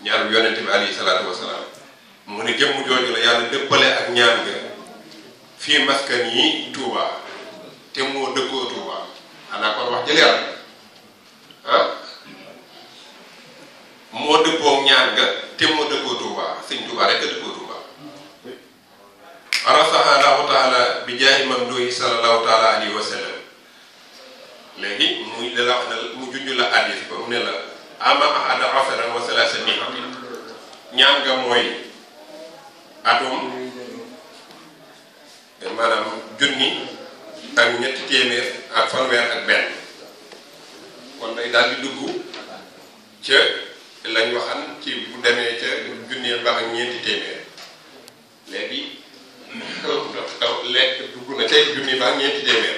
ñaanu yonente bi alayhi salaatu wasalaam mu ne jëmm jooju la yàlla dëppale ak ñaan nga fii maskan yi Touba te moo dëkkoo Touba xanaa kon wax jële ah moo dëppoo ñaan nga te moo dëkkoo Touba sëñ Touba rek a dëkkoo Touba arafaha allahu taala bi jaahi mamduhi sallallahu taala alayhi wa sallam léegi muy la wax ne mu junj la addis ba mu ne la ama ahada asara wa salaasa miati ñaan nga mooy atum eh, maanaam junni ak ñetti téeméer ak fanweer ak benn kon day di dugg ca lañ waxan ci bu demee ca junni ba ak ñeenti téeméer lekk dugg na ca junni ba ak ñeenti téeméer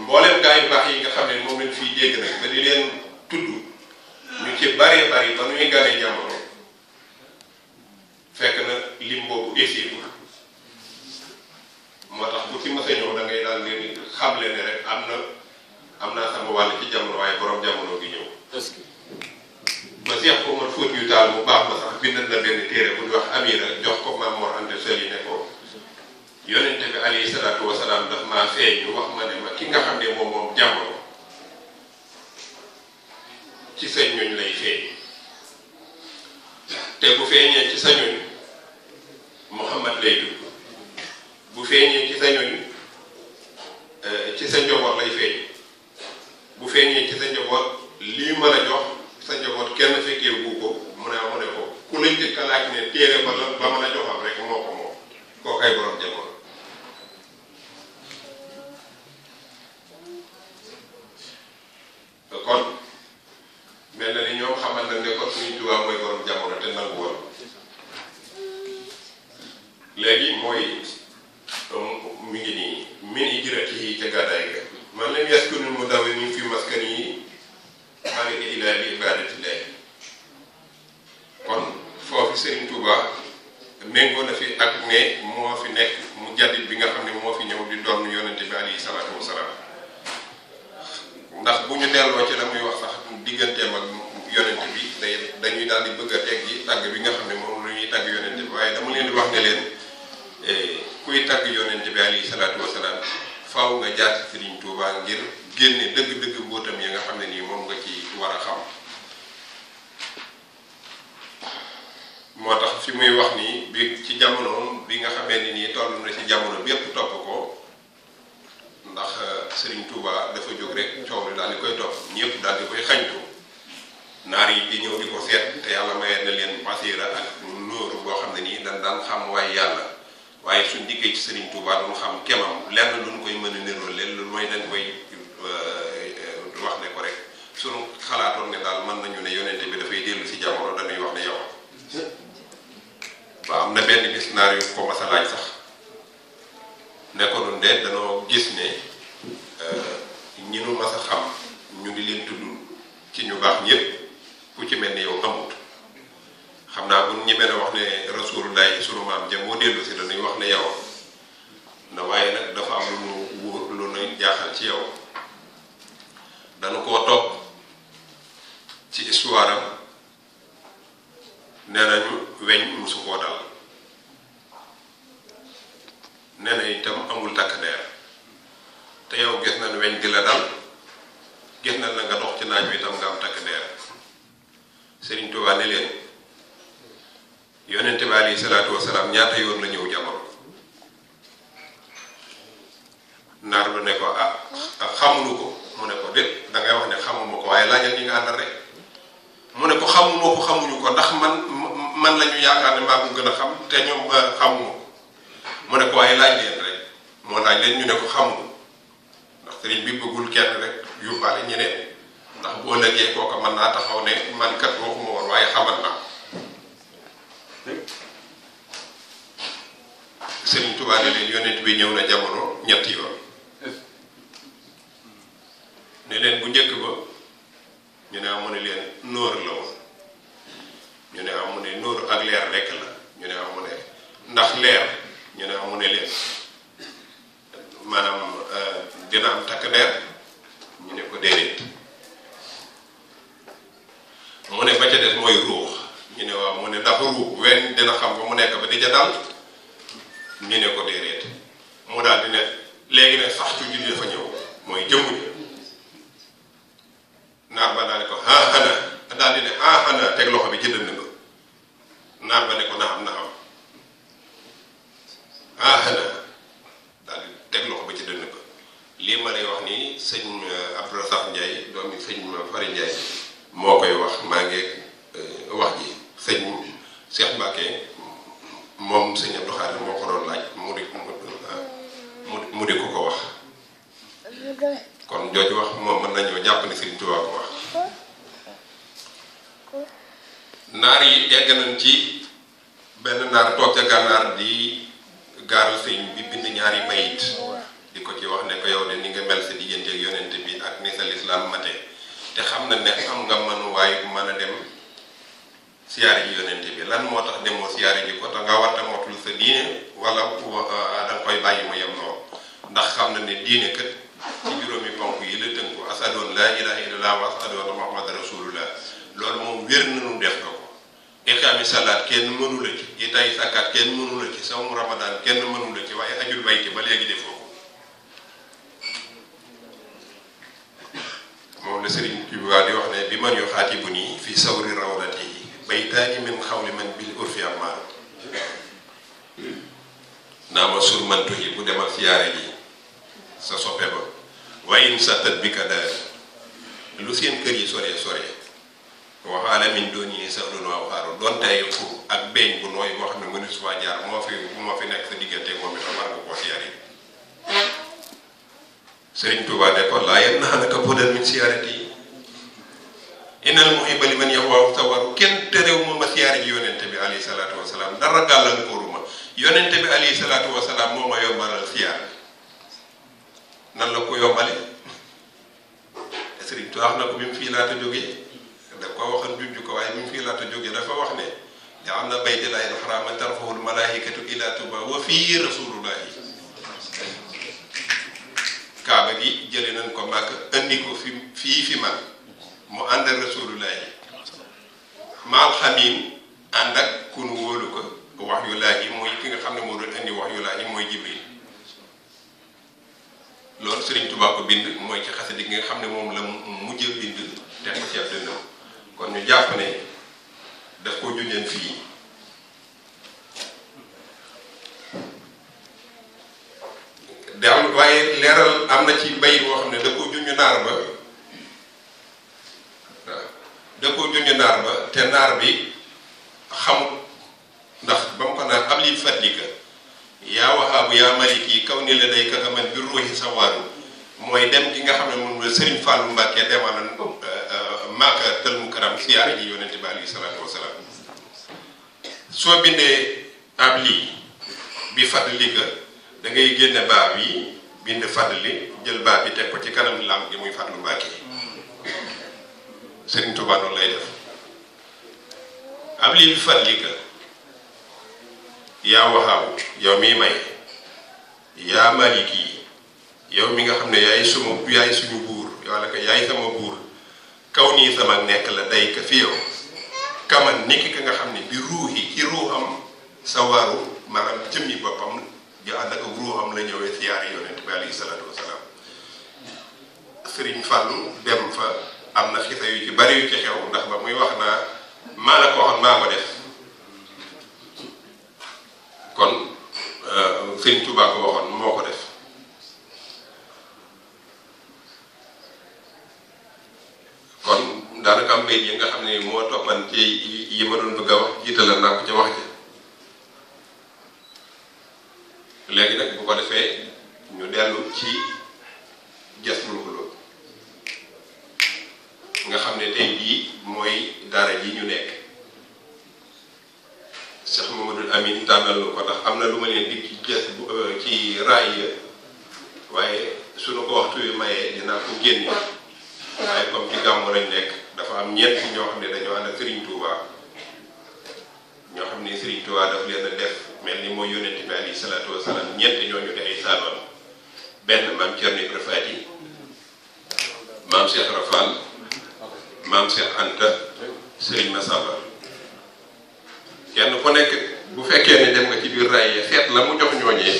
mbooleem gaa yu baax yi nga xam ne moom lañ fiy jégg nag ba di leen tudd lu ci bari bari ba nuy gane jamono fekk na lim boobu éssir ma moo tax bu ci mës a ñëw daal leen xamle ne rek am na am naa sama wàll ci jamono waaye borom jamono gi ñëw. ba Seex Omar Fuutiyu Taal bu baax ba sax bindal na benn téere bu ñu wax Amira jox ko Maam Mor Anta Sali ne ko yonente bi alayhi salaatu wasalaam maa feeñ wax ma ne ma ki nga xam ne moom moom jamono. ci seen ñuñ lay feeñ te bu feeñee ci sa ñuñ Muhammad lay tudd ñu xamal nag ne suñu Tuubaa mooy borom jamono te nangu woon léegi mooy mi ngi nii min hijratihi ca gàddaay ga man lam yaskunu mu dawe fi maskan yi ilaa kon foofu Serigne Touba méngoo na fi ak ne moo fi nekk mu jaddit bi nga xam ne moo fi ñëw di doon yonente bi alayhi salaatu wasalaam ndax bu ñu delloo ci la muy wax war a xam moo tax fi muy wax nii bi ci jamono bi nga xamee ni nii toll na ci jamono bi yépp topp ko ndax euh, Serigne Touba dafa jóg rek coow li daal di koy topp ñëpp daal di koy xañtu naar yi di ñëw di ko seet te yàlla ma na leen basiira ak nóoru boo xam ne nii dañ daan xam waaye yàlla waaye suñ di ci Serigne Touba duñ xam kemam lenn luñ mën a lu mooy dañ koy euh, xalaatoon ne mën nañu ne yonente bi dafay dellu si jamono wax ne na benn bis sax ne ko nun de euh, xam ku ci mel ni yow naa bu ñi mel ne wax ne rasulullahi sunu maam jëm moo dellu si dañuy wax ne yow na waaye nag dafa am lu nu wóor lu nu jaaxal ci yow danu koo topp ci histoire am nee nañu weñ musu koo dal nee itam amul takk deer te yow gis nañ weñ gi la dal gis nañ la nga dox ci naaj wi itam nga am takk deer Sëriñ Tuubaa leen yonente bi alayhi yoon la ñëw jamono naar ba ah, xamulu ko mu ne ko déet dangay wax ne xamuma ko waaye laajal ñi nga àndal rek mu ne ko xamuma ko xamuñu ko ndax man man lañu yaakaar ne maa ko gën a xam te ñoom euh, xamuma ko mu ne ko waaye laaj leen rek moo laaj leen ñu ne ko xamul ndax sëriñ bi bëggul kenn rek yóbbaale ñeneen ndax boo lëggee kooka mën naa taxaw ne man kat waxuma woon waaye xamal naa sëriñ tubaa ne leen yonent bi ñëw na jamono ñetti yoon ne leen bu njëkk ba ñu ne mun ne leen nóor la woon ñu ne amu ne nóor ak leer rekk la ñu ne amu ne ndax leer ñu ne amu ne leen maanaam euh, dina am takk der ñu ne ko déedéet mu ne ba ca mooy ruux ñu ne waaw mu ne ndax ruux wenn dina xam ba mu nekk ba di ca dal ñu ne ko déedéet mu daal di léegi ne sax cu ji dafa ñëw mooy jëmm naar ba daal ko haaxana daal di ne haaxana teg loxo bi ci dënd ba naar ba ne ko naxam naxam haaxana daal teg loxo ba ci dënd ba lii ma lay wax nii sëñ eh, Abdou Rassakh Ndiaye doomi sëñ Fari Ndiaye moo koy wax te xam na ne xam nga mënuwaay bu mën a dem siyaare ji yonente bi lan moo tax demoo siyaare ji ko te nga war a motul sa diine wala euh, da koy bàyyi mu yem noonu ndax xam na ne diine kat ci juróomi ponk yi la tënku asadoon laa ilaha illallah wa asadoon muhammad rasulullah loolu moom wér nañu def nga ko iqaami salaat kenn mënu la ci itaayi sàkkaat kenn mënu la ci sawmu ramadan kenn mënu ci waaye ajul bayti ba léegi defoo ko moom la sëriñ bi man yu xaatibu nii fi sawri rawdati baytaani min xawli man bil urfi ammaar naa ma sur mantu yi bu demal siyaare ji sa soppe ba wayin sa tët bi ka daal lu seen kër yi sore sore waxaala min doon yi sax lu noo xaaru donte ay fur ak beeñ bu nooy boo xam ne mënu suma jaar moo fi moo fi nekk sa diggante moom itam war nga koo siyaare ji Sëriñ Tuubaa ne ko laa yenn naa naka podal min siyaare yi innal muhibba la ko yombale sëriñ Tuubaa wax na ko bi mu fii laata dafa wax ne da am na baytillahi alxaraama tarfahul malaikatu ila tuba wa fii rasulullahi kaaba gi jële nañ ko màkk andi fi fii fi màkk mu ànd ak rasulullahi maal xamin ànd ak kunu wóolu ko wax yu laay yi mooy ki nga xam ne moo doon indi wax yu laay yi mooy jibril loolu Serigne Touba ko bind mooy ci xasida gi nga xam ne moom la mujj a bind te ko ceeb dënnam kon ñu jàpp ne daf ko junjeen fii daam waaye leeral am ci bay boo xam ne naar ba te naar bi xamul ndax ba mu ko naan ab lii fadlika yaa wahaabu yaa maliki kaw ni la day ka bi ruuxi sa waaru mooy dem gi nga xam ne moom la Serigne Fallou Mbacke demaaloon ko Màkka tël mu karam siyaare ji yonente bi alayhi salaatu wasalaam soo bindee ab génne baab yi bind fadli jël baab bi teg ko ci kanam lam gi muy Fallou Mbacke Serigne Touba noonu lay def. am lii fadlika yaa waxaabu yow miy may yaa maliki yow mi nga xam ne yaay suma yaay suñu buur wala ko yaay sama buur kaw nii sama nekk la day ka fi yow kaman niki ka nga xam ne bi ruuxi ci ruuxam sawaru maanaam jëmmi boppam di ànd ak ruuxam la ñëwee siyaari yonent bi alayhi salaatu wasalaam sëriñ Fàllu dem fa am na xisa yu ci bari ci xew ndax ba muy wax naa maa la ko waxoon maa ko def kon euh, sëñ Tuubaa ko waxoon moo ko def kon daanaka am mbéy yi nga xam ne moo toppan ci yi ma doon bëgg a wax jiitalal naa wax ji léegi nag bu ko defee ñu dellu ci jas bul xulóo nga xam ne tey bii mooy daara ji ñu nekk Cheikh Mamadou Amine tànnal na ko ndax am na lu ma leen di euh, ci raay ya waaye suñu ko waxtu wi mayee dinaa ko génne waaye comme ci gàmmu lañ nekk dafa am ñeent ñoo xam ne dañoo ànd ak Serigne Touba ñoo xam ne Serigne Touba daf leen def mel ni mooy yonent bi alayhi salaatu wasalaam ñeent ñooñu di ay saanoon benn maam Thierno Ibrahima Fati maam Cheikh maam Cheikh Anta Serigne Massamba kenn ko nek bu fekke ni dem nga ci bir ray yi la mu jox ñoñe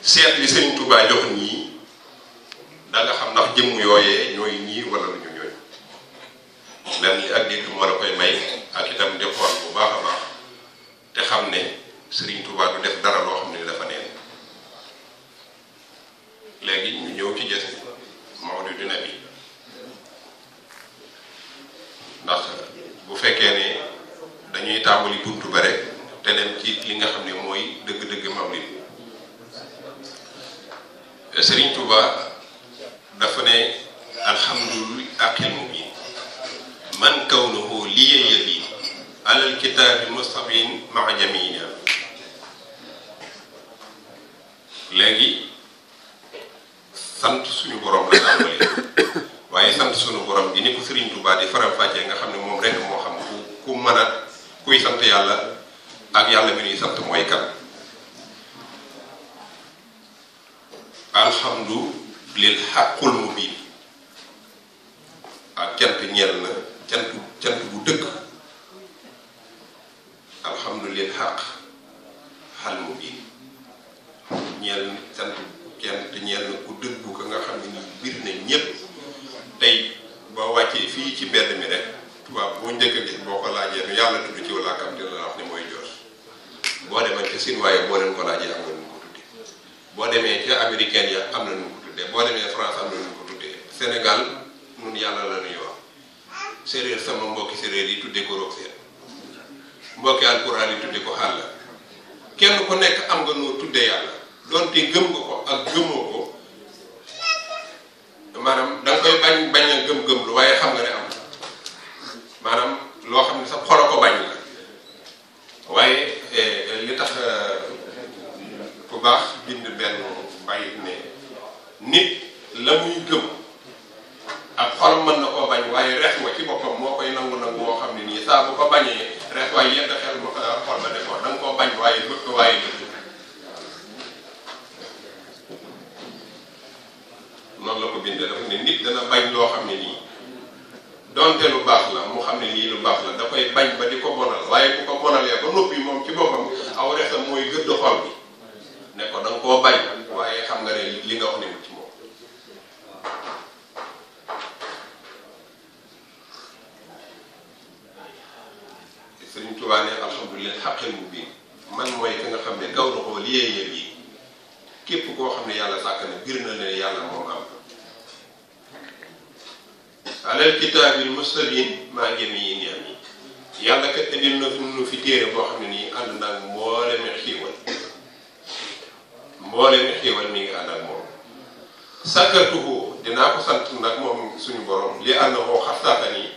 set li Serigne Touba jox ni da nga xam ndax jëm yooyee ñoy ñi wala lu ñu ñoy lan li ak dégg mo la koy may ak itam defoon bu baaxa baax te xam ne Serigne Touba du def dara lo xam ne dafa الله المستعين مع جميعنا لغي sant سونو borom لا tàmbali واي sant سونو borom دي نيكو سيرين توبا دي di فاجي nga xamne mom rek mo xam ku ku mën kuy sante yalla ak yalla mi ni sant moy kan. alhamdu lil haqqul mubin ak kent ñel na kent kent alhamdulil xaq xal mu biin ñeel sant kenn te na ku dëggu ko nga xam ne nag biir na ñépp tey boo wàccee fii ci mbedd mi rek tubaab boo njëkk a gis boo ko laajee nu yàlla tudd ci walla kam dina la wax ne mooy joos boo demee ca sin boo leen ko laajee am na nu ko tuddee boo demee ca américain ya am na nu ko tuddee boo demee France am na nu ko tuddee Sénégal nun yàlla la nuy wax séeréer sama mbokki séréer yi tuddee ko roog seen mbokk alquran yi tudde ko xàlla kenn ku nekk am nga noo tudde yàlla donte gëm nga ko ak gëmoo ko maanaam da nga koy bañ bañ a gëm-gëm lu waaye xam nga ne am maanaam loo xam ne sa xolo ko bañ la waaye eh, li tax eh, ku baax bind benn bay ne nit la muy gëm ak xol mën na koo bañ waaye rex ma ci boppam moo koy nangu nangu moo xam Sëriñ Tuubaa ne alhamdulilah xaqil mubiin man mooy ki nga xam ne gaw na ko liyee yëg yi képp koo xam ne yàlla sàkk na bir na ne yàlla moom am alal kitaabil mustabiin maa jamiin yi am yi yàlla kat indil na nu fi téere boo xam ne nii ànd naag mboolem xiiwal mboolem xiiwal mi ngi ànd ak moom sàkkartuhu dinaa ko sant nag moom suñu borom li ànd na koo xartaata nii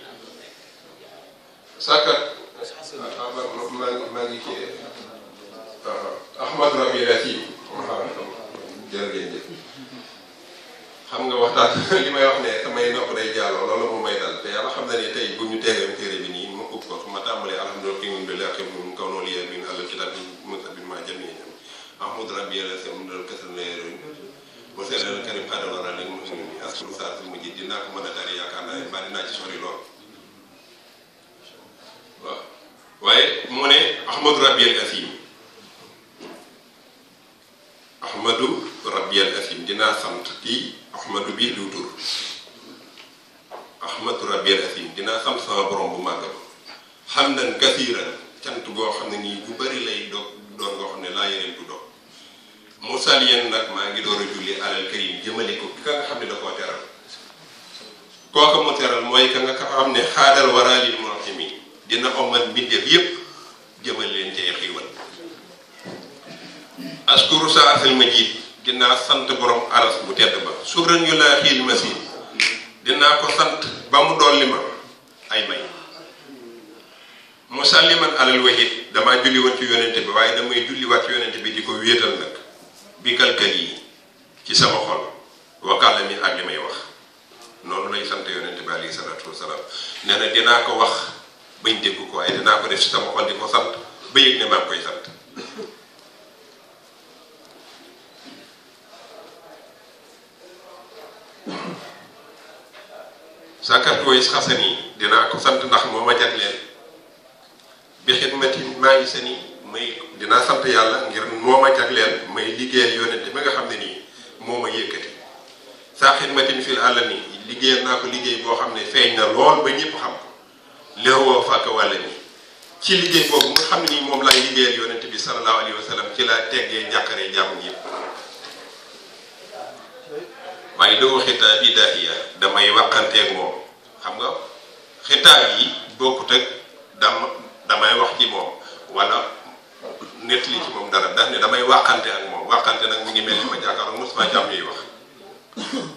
mën dari dara yaakaar naa ne bari naa ci sori ahmadu rabbi asim ahmadu rabbi asim dina sam tati ahmadu bi liw ahmadu rabbi asim dina sam sama borom bu Hamdan ba xam nan kasiiran cant gubari xam ne nii bu bari lay doog doon goo xam ne laa yeneen alal karim ko kooka mu teral mooy ka nga xam ne xaadal waraalil muhimi dina omal mbindeef yépp jëmal leen ci ay xiiwal askuru sa asal majid dinaa sant borom aras bu tedd ba subran yu laa xiil ma si dinaa ko sant ba mu dolli ma ay may musalliman alal wahid damaa julli woon ci yonente bi waaye damay julli waat ci yonente bi di ko wéetal nag bi kalkal yi ci sama xol wakkaala mi ak li may wax noonu lay sant yonent bi alayhi salaatu wasalaam nee na dinaa ko wax bañ dégg ko waaye dinaa ko def si sama xol sant xasan yi dinaa ko sant ndax moo ma jagleel bi xidmati maa ngi seen may dinaa sant yàlla ngir moo ma jagleel may liggéeyal yonent bi nga xam ne nii moo ma yëkkati saa xidmatin fil àll nii liggéeyal naa ko liggéey boo xam ne feeñ na lool ba ñëpp xam ko léewoo fàkk wàlle ni ci liggéey boobu nga xam ni nii moom laay liggéeyal yonente bi salallahu alayhi wa sallam ci la teggee njàqare jàmm ñëpp waaye doo xitaab bi daahiya damay waqanteeg moom xam nga xitaab yi bokkut ak dam damay wax ci moom wala net li ci moom dara daf ne damay waqante ak moom waqante nag mu ngi mel ni ma jàkkaarloo Moussa Diam yi wax